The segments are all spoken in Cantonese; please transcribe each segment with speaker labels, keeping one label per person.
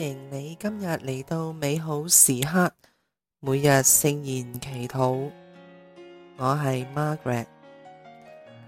Speaker 1: 歡迎你今日嚟到美好時刻，每日聖言祈禱。我係 Margaret，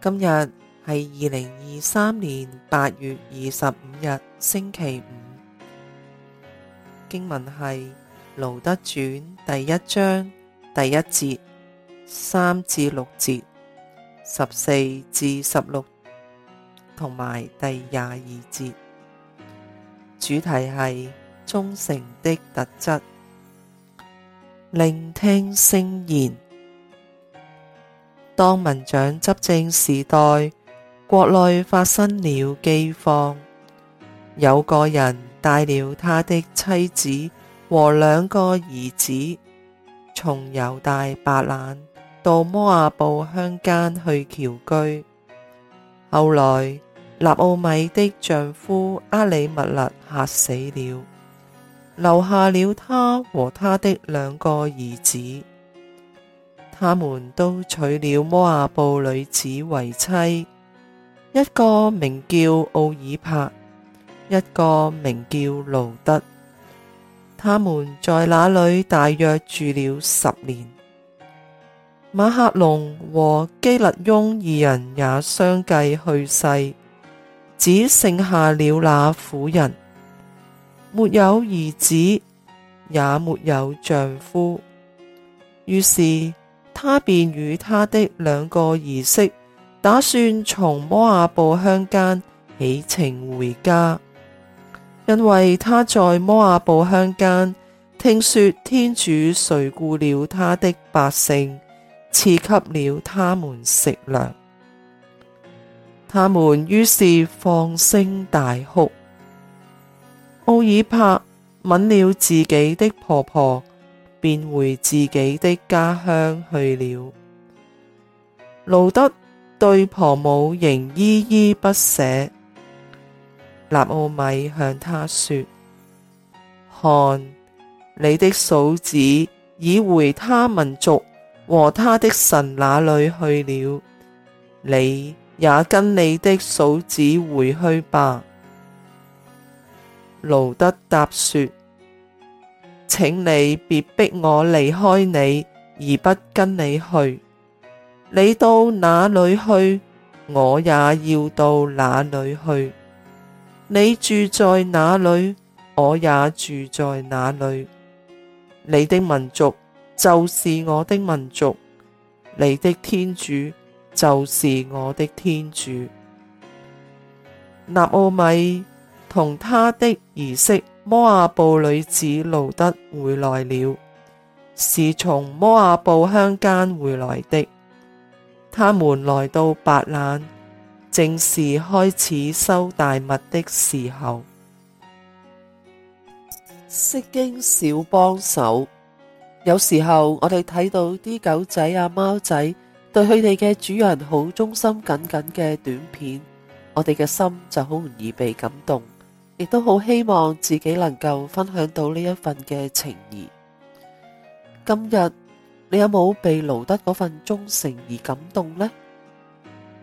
Speaker 1: 今日係二零二三年八月二十五日星期五。經文係《盧德傳》第一章第一節三至六節、十四至十六同埋第廿二節，主題係，忠誠的特質，聆聽聖言。當民長執政時代，國內發生了饑荒，有個人帶了他的妻子和兩個兒子，從猶大白冷到摩阿布鄉間去僑居。後來，納敖米的丈夫厄里默肋客死了。留下了她和她的兩個兒子，他們都娶了摩阿布女子為妻，一個名叫敖爾帕，一個名叫盧德。他們在那裡大約住了十年。瑪赫隆和基肋雍二人也相繼去世，只剩下了那婦人。沒有兒子，也沒有丈夫，於是她便與她的兩個兒媳，打算從摩阿布鄉間起程回家。因為她在摩阿布鄉間聽說天主垂顧了他的百姓，賜給了他們食糧，他們於是放聲大哭。敖爾帕吻了自己的婆婆，便回自己的家鄉去了。盧德對婆母仍依依不捨。納敖米向他說：「看，你的嫂子已回他民族和他的神那裡去了，你也跟你的嫂子回去吧。盧德答說：請你別逼我離開你，而不跟你去。你到哪裏去，我也要到哪裏去。你住在哪裏，我也住在哪裏。你的民族就是我的民族，你的天主就是我的天主。納敖米。同他的兒媳摩阿布女子盧德回來了，是從摩阿布鄉間回來的。他們來到白冷，正是開始收大麥的時候。釋經小幫手，有時候我哋睇到啲狗仔啊貓仔對佢哋嘅主人好忠心耿耿嘅短片，我哋嘅心就好容易被感動。亦都好希望自己能夠分享到呢一份嘅情誼。今日你有冇被盧德嗰份忠誠而感動呢？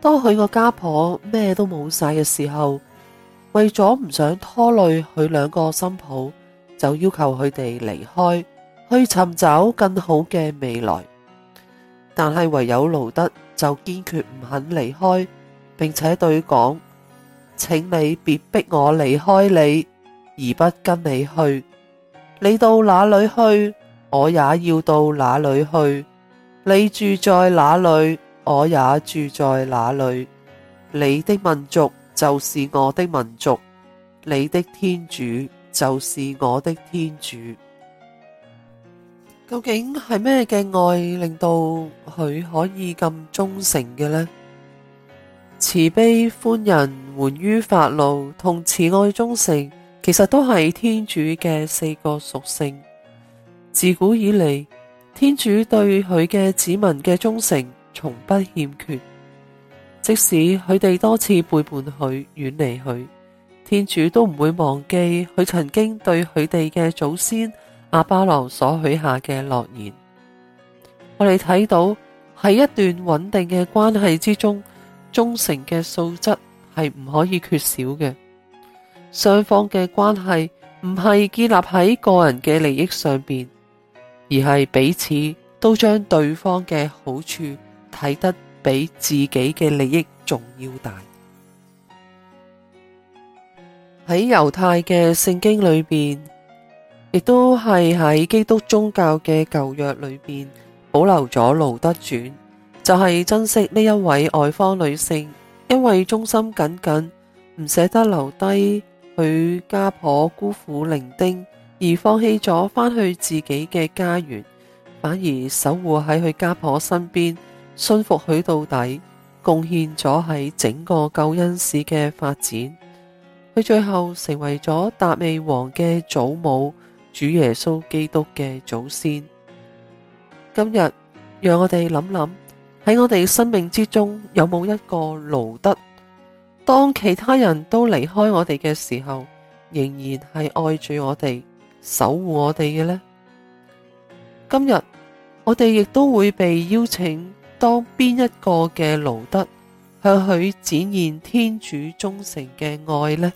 Speaker 1: 當佢個家婆咩都冇晒嘅時候，為咗唔想拖累佢兩個新抱，就要求佢哋離開，去尋找更好嘅未來。但係唯有盧德就堅決唔肯離開，並且對講。請你別逼我離開你，而不跟你去。你到哪裏去，我也要到哪裏去。你住在哪裏，我也住在哪裏。你的民族就是我的民族，你的天主就是我的天主。究竟係咩嘅愛令到佢可以咁忠誠嘅呢？慈悲、寬仁、緩於發怒同慈愛忠誠，其實都係天主嘅四個屬性。自古以嚟，天主對佢嘅子民嘅忠誠從不欠缺，即使佢哋多次背叛佢、遠離佢，天主都唔會忘記佢曾經對佢哋嘅祖先亞巴郎所許下嘅諾言。我哋睇到喺一段穩定嘅關係之中，忠誠嘅素質係唔可以缺少嘅，雙方嘅關係唔係建立喺個人嘅利益上邊，而係彼此都將對方嘅好處睇得比自己嘅利益仲要大。喺猶太嘅聖經裏邊，亦都係喺基督宗教嘅舊約裏邊保留咗《路德傳》。就係珍惜呢一位外方女性，因為忠心耿耿，唔捨得留低佢家婆孤苦伶仃，而放棄咗返去自己嘅家園，反而守護喺佢家婆身邊，信服佢到底，貢獻咗喺整個救恩史嘅發展。佢最後成為咗達味王嘅祖母，主耶穌基督嘅祖先。今日讓我哋諗諗。喺我哋生命之中，有冇一個盧德，當其他人都離開我哋嘅時候，仍然係愛住我哋，守護我哋嘅呢？今日我哋亦都會被邀請當邊一個嘅盧德，向佢展現天主忠誠嘅愛呢？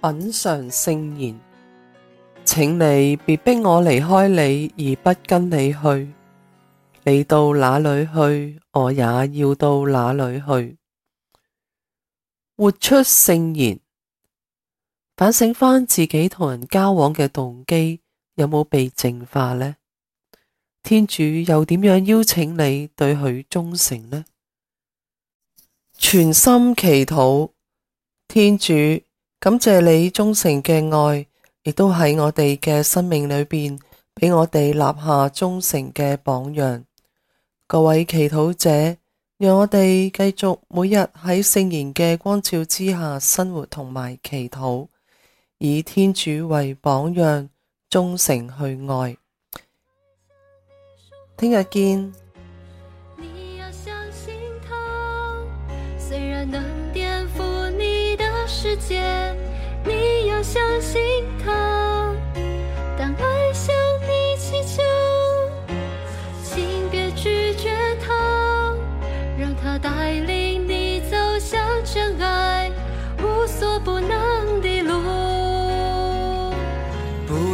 Speaker 1: 品嘗聖言，請你別逼我離開你，而不跟你去。你到哪裏去，我也要到哪裏去。活出聖言，反省返自己同人交往嘅動機有冇被淨化呢？天主又點樣邀請你對佢忠誠呢？全心祈禱，天主感謝你忠誠嘅愛，亦都喺我哋嘅生命裏邊俾我哋立下忠誠嘅榜樣。各位祈禱者，讓我哋繼續每日喺聖言嘅光照之下生活同埋祈禱，以天主為榜樣，忠誠去愛。聽日見。你